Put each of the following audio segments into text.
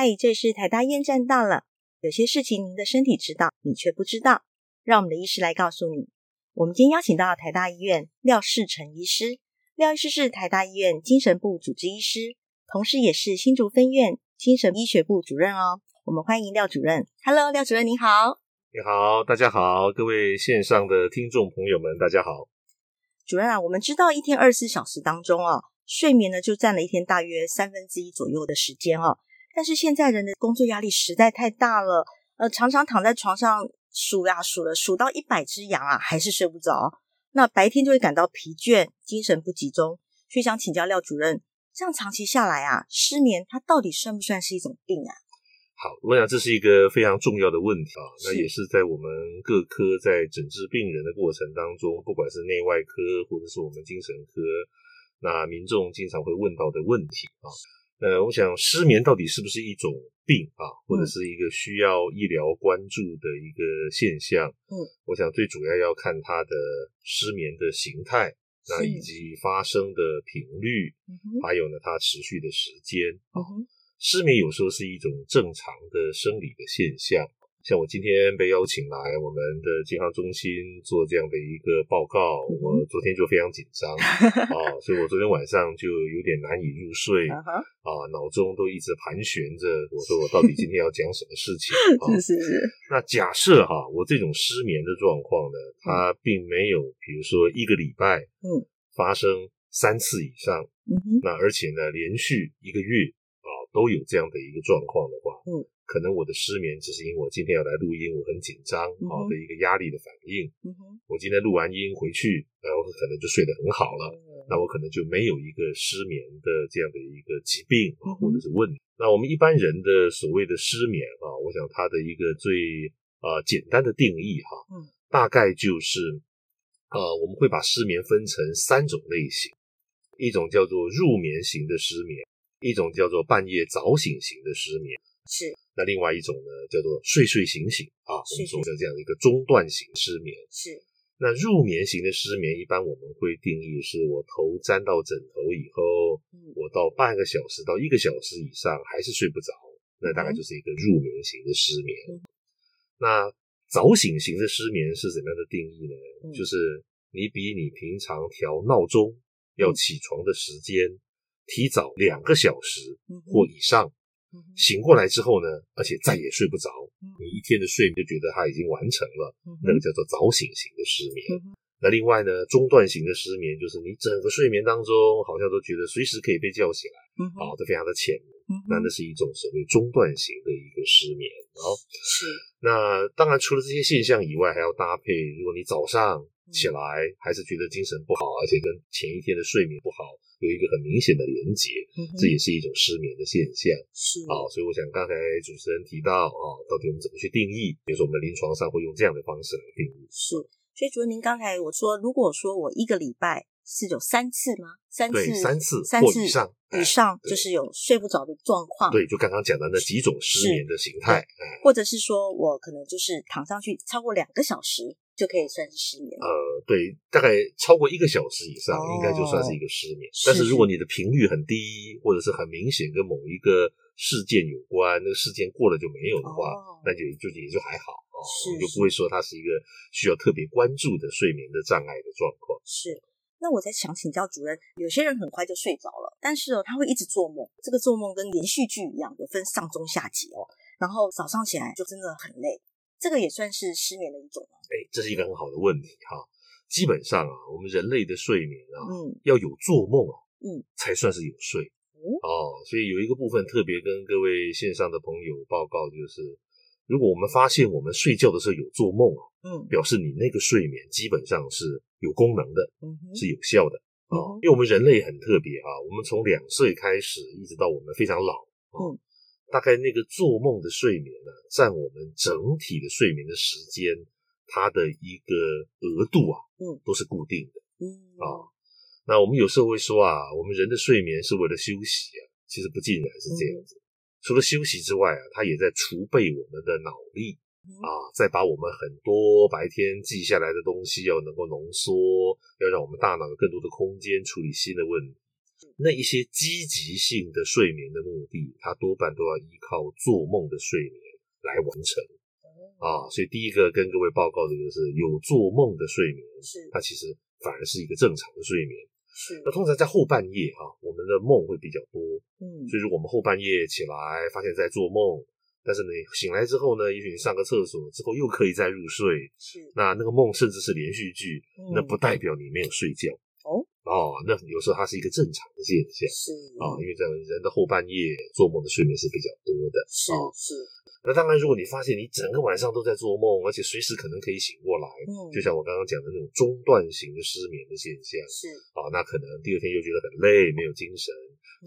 哎、這是台大醫院站到了，有些事情您的身體知道，你卻不知道，讓我們的醫師來告訴你。我們今天邀請到了台大醫院廖士程醫師，廖醫師是台大醫院精神部主治醫師，同時也是新竹分院精神醫學部主任哦。我們歡迎廖主任。Hello，廖主任，你好。你好，大家好，各位線上的聽眾朋友們，大家好。主任啊，我們知道一天二十四小時當中哦，睡眠呢就佔了一天大約三分之一左右的時間哦。但是現在人的工作壓力實在太大了，呃，常常躺在床上數呀、啊、數的，數到一百隻羊啊，還是睡不着。那白天就會感到疲倦，精神不集中，所以想請教廖主任，這樣長期下來啊，失眠它到底算不算是一種病啊？好，我想這是一個非常重要的問題啊，那也是在我們各科在診治病人的過程當中，不管是內外科，或者是我們精神科，那民眾經常會問到的問題啊。呃，我想失眠到底是不是一種病啊，或者是一個需要醫療關注的一個現象？嗯，我想最主要要看它的失眠的形態，嗯，那以及發生的頻率，還有呢，它持續的時間。哦，嗯，失眠有時候是一種正常的生理的現象。像我今天被邀請來我們的健康中心做這樣的一個報告，嗯、我昨天就非常緊張 啊，所以我昨天晚上就有點難以入睡 啊，腦中都一直盤旋着，我說我到底今天要講什麼事情？ 啊、 是是是。那假設哈、啊，我這種失眠的狀況呢，它並沒有比如說一個禮拜嗯發生三次以上，嗯哼、那而且呢連續一個月啊都有這樣的一個狀況的話，嗯。可能我的失眠只是因為我今天要來錄音，我很緊張、啊，好、嗯、的一個壓力的反應、嗯哼。我今天錄完音回去，然後可能就睡得很好了，嗯、那我可能就沒有一個失眠的這樣的一個疾病、啊嗯、或者是問題。那我們一般人的所謂的失眠啊，我想它的一個最啊、呃、簡單的定義哈、啊嗯，大概就是啊、呃、我們會把失眠分成三種類型，一種叫做入眠型的失眠，一種叫做半夜早醒型的失眠。是，那另外一種呢，叫做睡睡醒醒啊，是是是是，我們說的這樣的一個中段型失眠。是，那入眠型的失眠，一般我們會定義是，我頭沾到枕頭以後、嗯，我到半個小時到一個小時以上還是睡不着、嗯，那大概就是一個入眠型的失眠、嗯。那早醒型的失眠是怎麼樣的定義呢？嗯、就是你比你平常調鬧鐘要起床的時間、嗯、提早兩個小時或以上。嗯嗯、醒過來之後呢，而且再也睡不着、嗯，你一天的睡眠就覺得它已經完成了、嗯，那個叫做早醒型的失眠。嗯、那另外呢，中斷型的失眠就是你整個睡眠當中好像都覺得隨時可以被叫醒，啊、嗯，都、哦、非常的淺。那、嗯、那是一種所謂中斷型的一個失眠。哦，是，是，那當然除了這些現象以外，還要搭配，如果你早上起來還是覺得精神不好，嗯、而且跟前一天的睡眠不好。有一個很明顯的連結，這也是一種失眠的現象。是、嗯、好、啊、所以我想剛才主持人提到啊，到底我們怎麼去定義？比如說我們臨床上會用這樣的方式來定義。是，所以主任您剛才我說，如果說我一個禮拜是有三次嗎？三次、對，三次或以上，三次以上就是有睡不着的狀況、嗯對。對，就剛剛講的那幾種失眠的形態、嗯，或者是說我可能就是躺上去超過兩個小時。就可以算是失眠。呃，對，大概超過一個小時以上，哦、應該就算是一個失眠。是是。但是如果你的頻率很低，或者是很明顯跟某一個事件有關，那個事件過了就沒有的話，哦、那就就，就也就還好啊，哦、是是。你就不會說它是一個需要特別關注的睡眠的障礙的狀況。是。那我在想請教主任，有些人很快就睡着了，但是哦，他會一直做夢，這個做夢跟連續劇一樣，有分上中下集哦，然後早上起來就真的很累。這個也算是失眠的一種啊。誒，這是一個很好的問題哈、啊。基本上啊，我們人類的睡眠啊，嗯，要有做夢啊，嗯，才算是有睡哦、嗯啊。所以有一個部分特別跟各位線上的朋友報告，就是如果我們發現我們睡覺的時候有做夢啊，嗯，表示你那個睡眠基本上是有功能的，嗯、是有效的、嗯、啊。因為我們人類很特別啊，我們從兩歲開始一直到我們非常老，啊、嗯。大概那個做夢的睡眠呢，啊，佔我們整體的睡眠的時間，它的一個額度啊，嗯，都是固定的。嗯啊，那我們有時候會說啊，我們人的睡眠是為了休息啊，其實不盡然是這樣子，嗯。除了休息之外啊，它也在儲備我們的腦力啊，嗯，再把我們很多白天記下來的東西要能夠濃縮，要讓我們大腦有更多的空間處理新的問題。那一些積極性的睡眠的目的，它多半都要依靠做夢的睡眠來完成、嗯，啊，所以第一個跟各位報告的就是有做夢的睡眠，是它其實反而是一個正常的睡眠，是那通常在後半夜啊，我們的夢會比較多，嗯，所以說我們後半夜起來發現在做夢、嗯，但是呢醒來之後呢，也許你上個廁所之後又可以再入睡，是那那個夢甚至是連續劇、嗯，那不代表你沒有睡覺。哦，那有時候它是一個正常的現象，是啊、哦，因為在人的後半夜做夢的睡眠是比較多的，是、哦、是。那當然，如果你發現你整個晚上都在做夢，而且隨時可能可以醒過來，嗯、就像我剛剛講的那種中斷型的失眠的現象，是啊、哦，那可能第二天又覺得很累，沒有精神，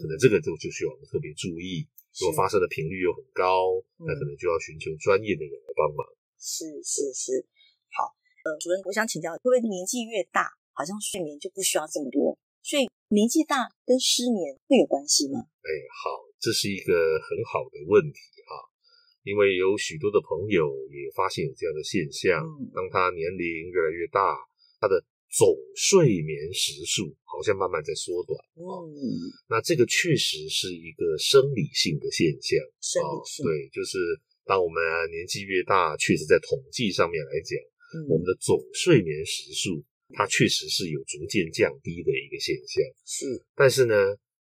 嗯、可能這個就就需要我們特別注意。如果發生的頻率又很高、嗯，那可能就要尋求專業的人來幫忙。是是是，好，呃，主任，我想請教，會不會年紀越大？好像睡眠就不需要這麼多，所以年紀大跟失眠會有關係嗎？哎，好，這是一個很好的問題哈，啊，因為有許多的朋友也發現有這樣的現象，嗯，當他年齡越來越大，他的總睡眠時數好像慢慢在縮短啊。嗯，那這個確實是一個生理性的現象。生理性。哦，對，就是當我們年紀越大，確實在統計上面來講，嗯，我們的總睡眠時數。它確實是有逐漸降低的一個現象，是。但是呢，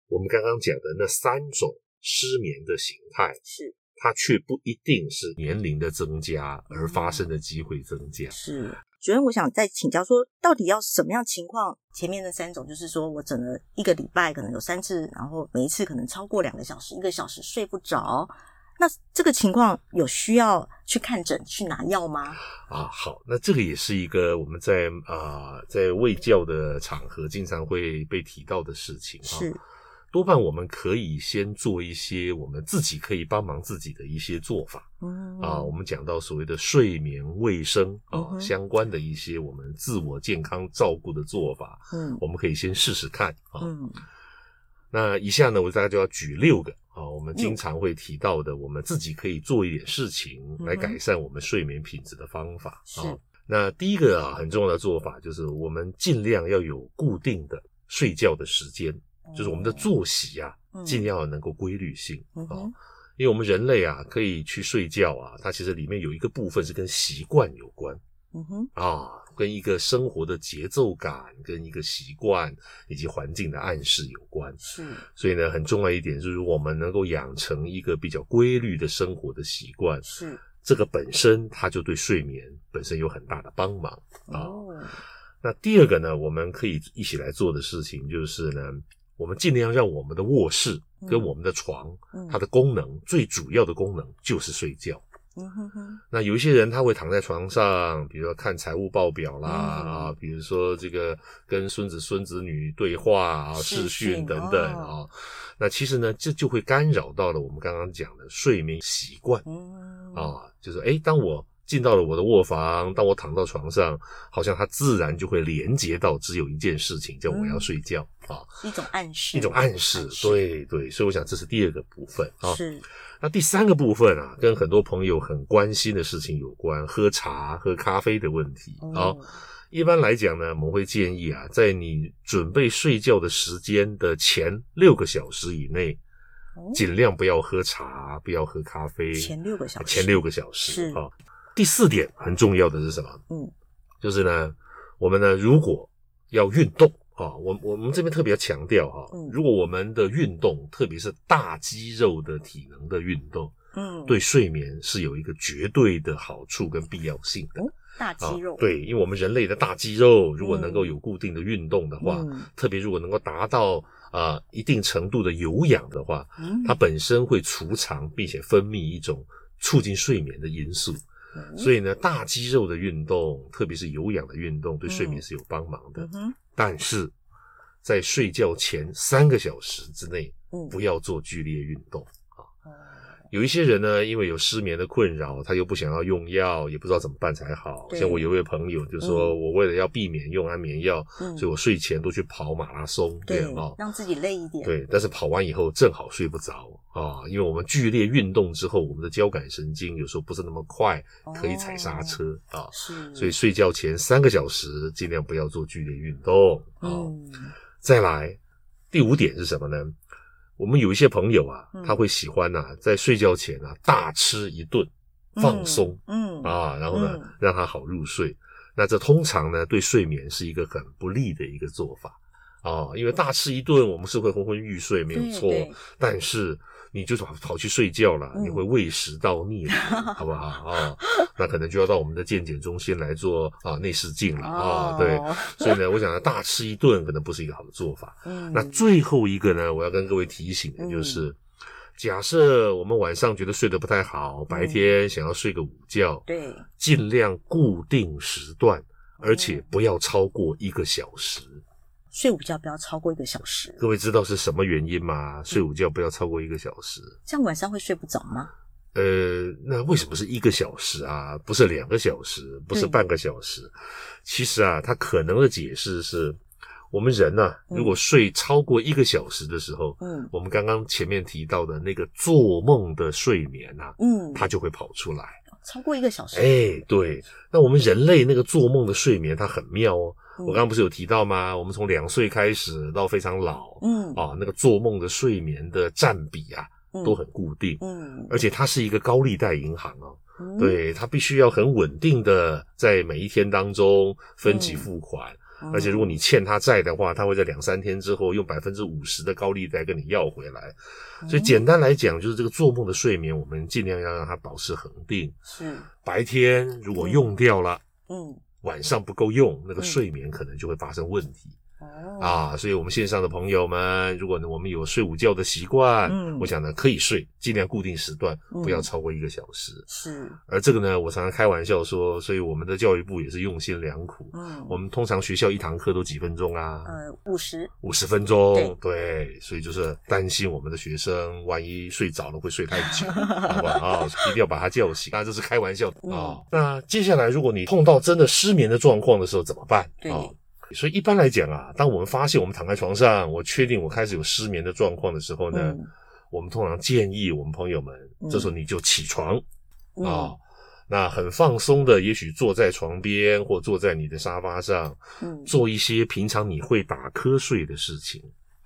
我們剛剛講的那三種失眠的形態，是。它卻不一定是年齡的增加而發生的機會增加。嗯，是，所以我想再請教說，到底要什麼樣情況？前面那三種就是說我整了一個禮拜，可能有三次，然後每一次可能超過兩個小時，一個小時睡不着。那這個情況有需要去看診去拿藥嗎？啊，好，那這個也是一個我們在啊、呃、在衛教的場合經常會被提到的事情啊。是，多半我們可以先做一些我們自己可以幫忙自己的一些做法。嗯、嗯、嗯。啊，我們講到所謂的睡眠衛生啊、呃嗯、相關的一些我們自我健康照顧的做法。嗯。我們可以先試試看啊。嗯。那以下呢，我大概就要舉六個。啊、哦，我們經常會提到的，我們自己可以做一點事情來改善我們睡眠品質的方法、mm-hmm. 哦、那第一個啊，很重要的做法就是，我們盡量要有固定的睡覺的時間，mm-hmm. 就是我們的作息呀、啊，盡量能夠規律性、mm-hmm. 啊。因為我們人類啊，可以去睡覺啊，它其實裡面有一個部分是跟習慣有關。嗯、mm、哼 -hmm. 啊。跟一個生活的節奏感，跟一個習慣以及環境的暗示有關。是，所以呢，很重要一點就是我們能夠養成一個比較規律的生活的習慣。是，這個本身它就對睡眠本身有很大的幫忙啊、哦。那第二個呢、嗯，我們可以一起來做的事情就是呢，我們盡量讓我們的臥室跟我們的床，嗯、它的功能、嗯、最主要的功能就是睡覺。 那有一些人他會躺在床上，比如說看財務報表啦啊，比如說這個跟孫子孫子女對話啊、視訊等等啊，那其實呢，這就會干擾到了我們剛剛講的睡眠習慣啊，就是哎，當我。進到了我的臥房，當我躺到床上，好像它自然就會連接到只有一件事情，叫我要睡覺、嗯、啊。一種暗示，一種暗示，暗示，對對。所以我想這是第二個部分啊。是。那第三個部分啊，跟很多朋友很關心的事情有關，嗯、喝茶、喝咖啡的問題啊、嗯。一般來講呢，我們會建議啊，在你準備睡覺的時間的前六個小時以內，嗯、盡量不要喝茶，不要喝咖啡。前六個小時，啊、前六個小時，是啊。第四點很重要的是什麼？嗯，就是呢，我們呢，如果要運動啊，我們我們這邊特別要強調哈，如果我們的運動，特別是大肌肉的體能的運動，嗯，對睡眠是有一個絕對的好處跟必要性的。的、嗯啊。大肌肉對，因為我們人類的大肌肉，如果能夠有固定的運動的話，嗯、特別如果能夠達到啊、呃、一定程度的有氧的話，嗯、它本身會儲藏，並且分泌一種促進睡眠的因素。嗯、所以呢，大肌肉的運動，特別是有氧的運動，對睡眠是有幫忙的、嗯嗯。但是，在睡覺前三個小時之內，不要做劇烈運動。嗯有一些人呢，因為有失眠的困擾，他又不想要用藥，也不知道怎麼辦才好。像我有位朋友，就說、嗯、我為了要避免用安眠藥、嗯，所以我睡前都去跑馬拉松，嗯、對，讓自己累一點。對，但是跑完以後正好睡不着啊，因為我們劇烈運動之後，嗯、我們的交感神經有時候不是那麼快可以踩剎車、哦、啊是，所以睡覺前三個小時盡量不要做劇烈運動啊、嗯。再來，第五點是什麼呢？我們有一些朋友啊，他會喜歡吶，啊，在睡覺前啊大吃一頓，放鬆，嗯，嗯啊，然後呢讓他好入睡。那這通常呢，對睡眠是一個很不利的一個做法。啊、哦，因為大吃一頓，我們是會昏昏欲睡，沒有錯。對對，但是你就是跑跑去睡覺了，嗯、你會胃食道逆，好不好啊？哦、 那可能就要到我們的健檢中心來做啊內視鏡了啊。對，所以呢，我想大吃一頓，可能不是一個好的做法，嗯。那最後一個呢，我要跟各位提醒的就是、嗯，假設我們晚上覺得睡得不太好，白天想要睡個午覺，對、嗯，盡量固定時段，嗯，而且不要超過一個小時。睡午覺不要超過一個小時。各位知道是什麼原因嗎？睡午覺不要超過一個小時。這樣晚上會睡不着嗎？呃，那為什麼是一個小時啊？不是兩個小時，不是半個小時。其實啊，它可能的解釋是，我們人啊，如果睡超過一個小時的時候，嗯，我們剛剛前面提到的那個做夢的睡眠啊，嗯，它就會跑出來。超過一個小時。誒，對。那我們人類那個做夢的睡眠，它很妙哦。我剛剛不是有提到嗎？嗯、我們從兩歲開始到非常老，嗯，啊，那個做夢的睡眠的佔比啊、嗯，都很固定，嗯，而且它是一個高利貸銀行哦、啊嗯，對，它必須要很穩定的在每一天當中分期付款、嗯，而且如果你欠它債的話，它會在兩三天之後用百分之五十的高利貸跟你要回來。嗯、所以簡單來講，就是這個做夢的睡眠，我們盡量要讓它保持恆定。是白天如果用掉了，嗯。嗯晚上不夠用，那個睡眠可能就會發生問題。嗯哦、啊，所以，我們線上的朋友們，如果呢，我們有睡午覺的習慣，嗯，我想呢，可以睡，盡量固定時段，不要超過一個小時。嗯、是。而這個呢，我常常開玩笑說，所以我們的教育部也是用心良苦。嗯，我們通常學校一堂課都幾分鐘啊？嗯、呃五十。五十分鐘，對。對。所以就是擔心我們的學生，萬一睡着了會睡太久， 好不好、哦？一定要把他叫醒。 那這是開玩笑的啊、哦嗯。那接下來，如果你碰到真的失眠的狀況的時候怎麼辦？對。哦所以一般來講啊，當我們發現我們躺在床上，我確定我開始有失眠的狀況的時候呢，嗯、我們通常建議我們朋友們，嗯、這時候你就起床，啊、嗯哦，那很放鬆的，也許坐在床邊或坐在你的沙發上、嗯，做一些平常你會打瞌睡的事情。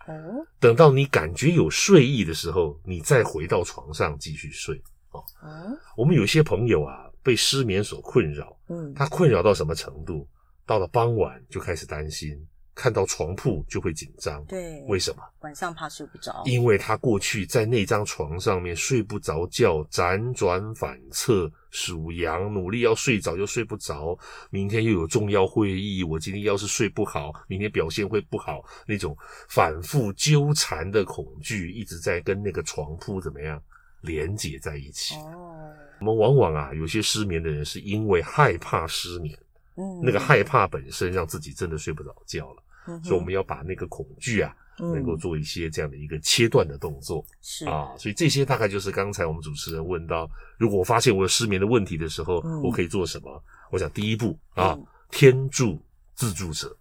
哦、嗯，等到你感覺有睡意的時候，你再回到床上繼續睡。啊、哦嗯，我們有些朋友啊，被失眠所困擾，嗯，他困擾到什麼程度？到了傍晚就開始擔心，看到床鋪就會緊張。對，為什麼？晚上怕睡不着。因為他過去在那張床上面睡不着覺，輾轉反側，數羊，努力要睡着又睡不着。明天又有重要會議，我今天要是睡不好，明天表現會不好。那種反復糾纏的恐懼一直在跟那個床鋪怎麼樣連接在一起。哦，我們往往啊，有些失眠的人是因為害怕失眠。嗯，那個害怕本身讓自己真的睡不着覺了。嗯，所以我們要把那個恐懼啊，嗯，能夠做一些這樣的一個切斷的動作，是啊。所以這些大概就是剛才我們主持人問到，如果我發現我有失眠的問題的時候，嗯，我可以做什麼？我想第一步啊，嗯，天助自助者。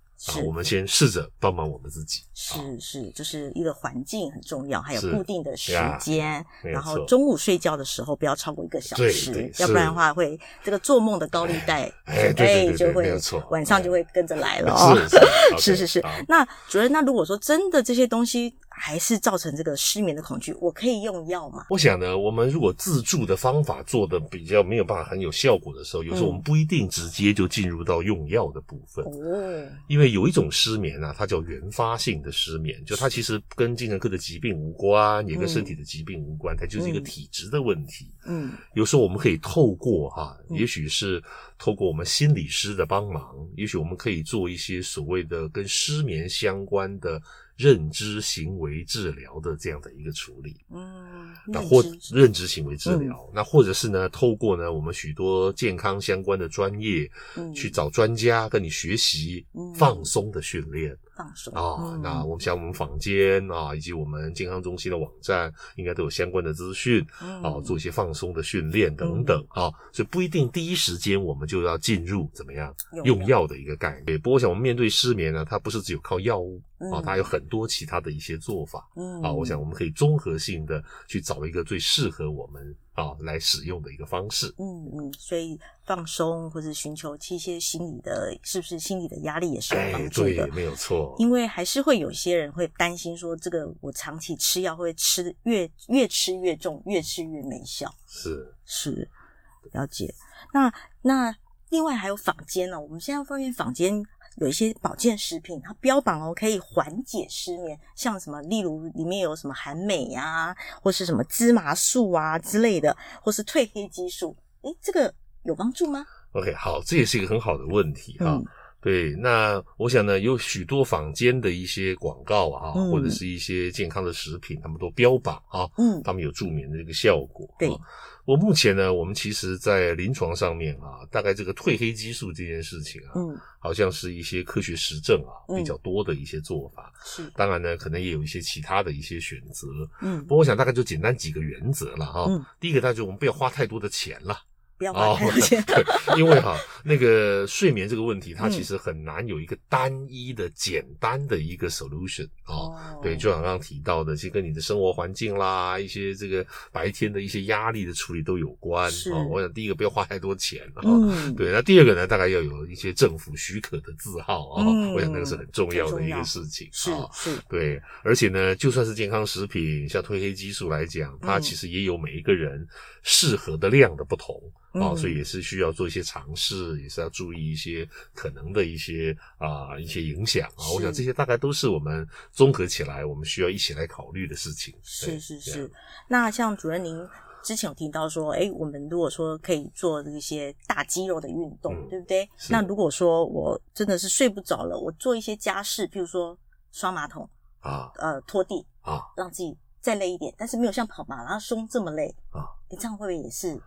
我們先試着幫忙我們自己，是是，是，就是一個環境很重要，還有固定的時間，然後中午睡覺的時候不要超過一個小時，對對是，要不然的話會這個做夢的高利貸哎，就會晚上就會跟着來了哦， 是是，okay, 是、是、是、嗯、是是。那主任，那如果說真的這些東西。還是造成這個失眠的恐懼，我可以用藥嗎？我想呢，我們如果自助的方法做得比較沒有辦法很有效果的時候，有時候我們不一定直接就進入到用藥的部分，嗯、因為有一種失眠啊，它叫原發性的失眠，嗯、就它其實跟精神科的疾病無關，嗯，也跟身體的疾病無關，它就是一個體質的問題。嗯，有時候我們可以透過哈、啊，也許是。透過我們心理師的幫忙，也許我們可以做一些所謂的跟失眠相關的認知行為治療的這樣的一個處理。嗯，那或認知行為治療、嗯，那或者是呢，透過呢，我們許多健康相關的專業，去找專家跟你學習放鬆的訓練。嗯嗯啊、嗯哦，那我想我們坊間啊、哦，以及我們健康中心的網站，應該都有相關的資訊啊、嗯哦，做一些放鬆的訓練等等啊、嗯哦，所以不一定第一時間我們就要進入怎麼樣用藥的一個概念。嗯、對、不過我想我們面對失眠呢，它不是只有靠藥物。啊、哦，它有很多其他的一些做法，嗯，啊，我想我們可以綜合性的去找一個最適合我們啊來使用的一個方式，嗯嗯，所以放鬆或者尋求一些心理的，是不是心理的壓力也是有幫助的、哎對，沒有錯，因為還是會有些人會擔心說，這個我長期吃藥會吃的越越吃越重，越吃越沒效，是是了解，那那另外還有坊間呢、哦，我們現在發現坊間。有一些保健食品，它標榜哦可以緩解失眠，像什麼，例如裡面有什麼含鎂呀，或是什麼芝麻素啊之類的，或是褪黑激素，哎、欸，這個有幫助嗎？OK，好，這也是一個很好的問題啊。嗯對，那我想呢，有許多坊間的一些廣告啊，嗯、或者是一些健康的食品，他們都標榜啊，嗯、他們有助眠的這個效果、啊。對，我目前呢，我們其實在臨床上面啊，大概這個褪黑激素這件事情啊、嗯，好像是一些科學實證啊比較多的一些做法。是、嗯，當然呢，可能也有一些其他的一些選擇。嗯，不過我想大概就簡單幾個原則了哈、啊嗯。第一個大概就是我們不要花太多的錢了。不要、oh, 對，因為哈、啊，那個睡眠這個問題， 它其實很難有一個單一的、簡單的一個 solution 啊、嗯哦。對，就好像剛剛提到的，其實跟你的生活環境啦、一些這個白天的一些壓力的處理都有關啊、哦。我想，第一個不要花太多錢啊、嗯哦。對，那第二個呢，大概要有一些政府許可的字號啊、嗯哦。我想，那個是很重要的一個事情。哦、是是，對，而且呢，就算是健康食品，像褪黑激素來講，它其實也有每一個人適合的量的不同。嗯嗯哦，所以也是需要做一些嘗試、嗯，也是要注意一些可能的一些啊、呃、一些影響啊。我想這些大概都是我們綜合起來，我們需要一起來考慮的事情。是是是，是是。那像主任，您之前有提到說，哎、欸，我們如果說可以做一些大肌肉的運動、嗯，對不對？那如果說我真的是睡不着了，我做一些家事，比如說刷馬桶啊，呃，拖地啊，讓自己再累一點，但是沒有像跑馬拉松這麼累啊。你這樣會不會也是？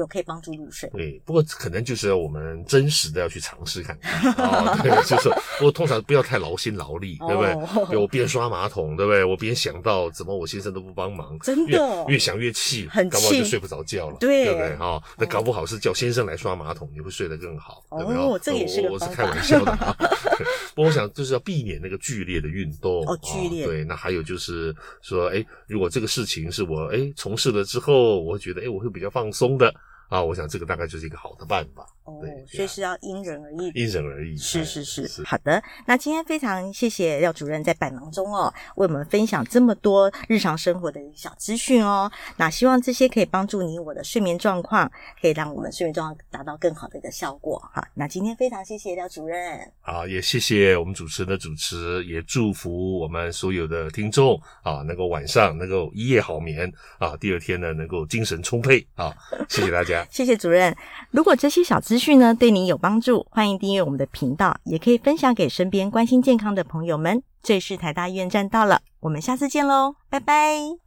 有可以幫助入睡。對，不過可能就是要我們真實的要去嘗試看看、 哦、對。就是，不過通常不要太勞心勞力， 對不對？比、哦、如我邊刷馬桶，對不對？我邊想到怎麼我先生都不幫忙，真的越,越想越氣，很氣，搞不好就睡不着覺了，對,對不對？哈、哦，那搞不好是叫先生來刷馬桶，你會睡得更好，哦、對不對？我、哦呃、也是個我是開玩笑的、啊。 不過我想就是要避免那個劇烈的運動哦，劇烈、哦。對，那還有就是說，誒，如果這個事情是我誒，從事了之後，我覺得誒，我會比較放鬆的。啊，我想這個大概就是一個好的辦法哦，所以是要因人而異，因人而異是，是是是，是，是。好的，那今天非常謝謝廖主任在百忙中哦，為我們分享這麼多日常生活的小資訊哦。那希望這些可以幫助你我的睡眠狀況，可以讓我們睡眠狀況達到更好的一個效果哈。那今天非常謝謝廖主任，好、啊，也謝謝我們主持人的主持，也祝福我們所有的聽眾啊，能夠晚上能夠一夜好眠啊，第二天呢能夠精神充沛啊，謝謝大家。 謝謝主任。如果這些小資訊呢，對您有幫助，歡迎訂閱我們的頻道，也可以分享給身邊關心健康的朋友們。這裡是台大醫院站到了，我們下次見嘍，拜拜。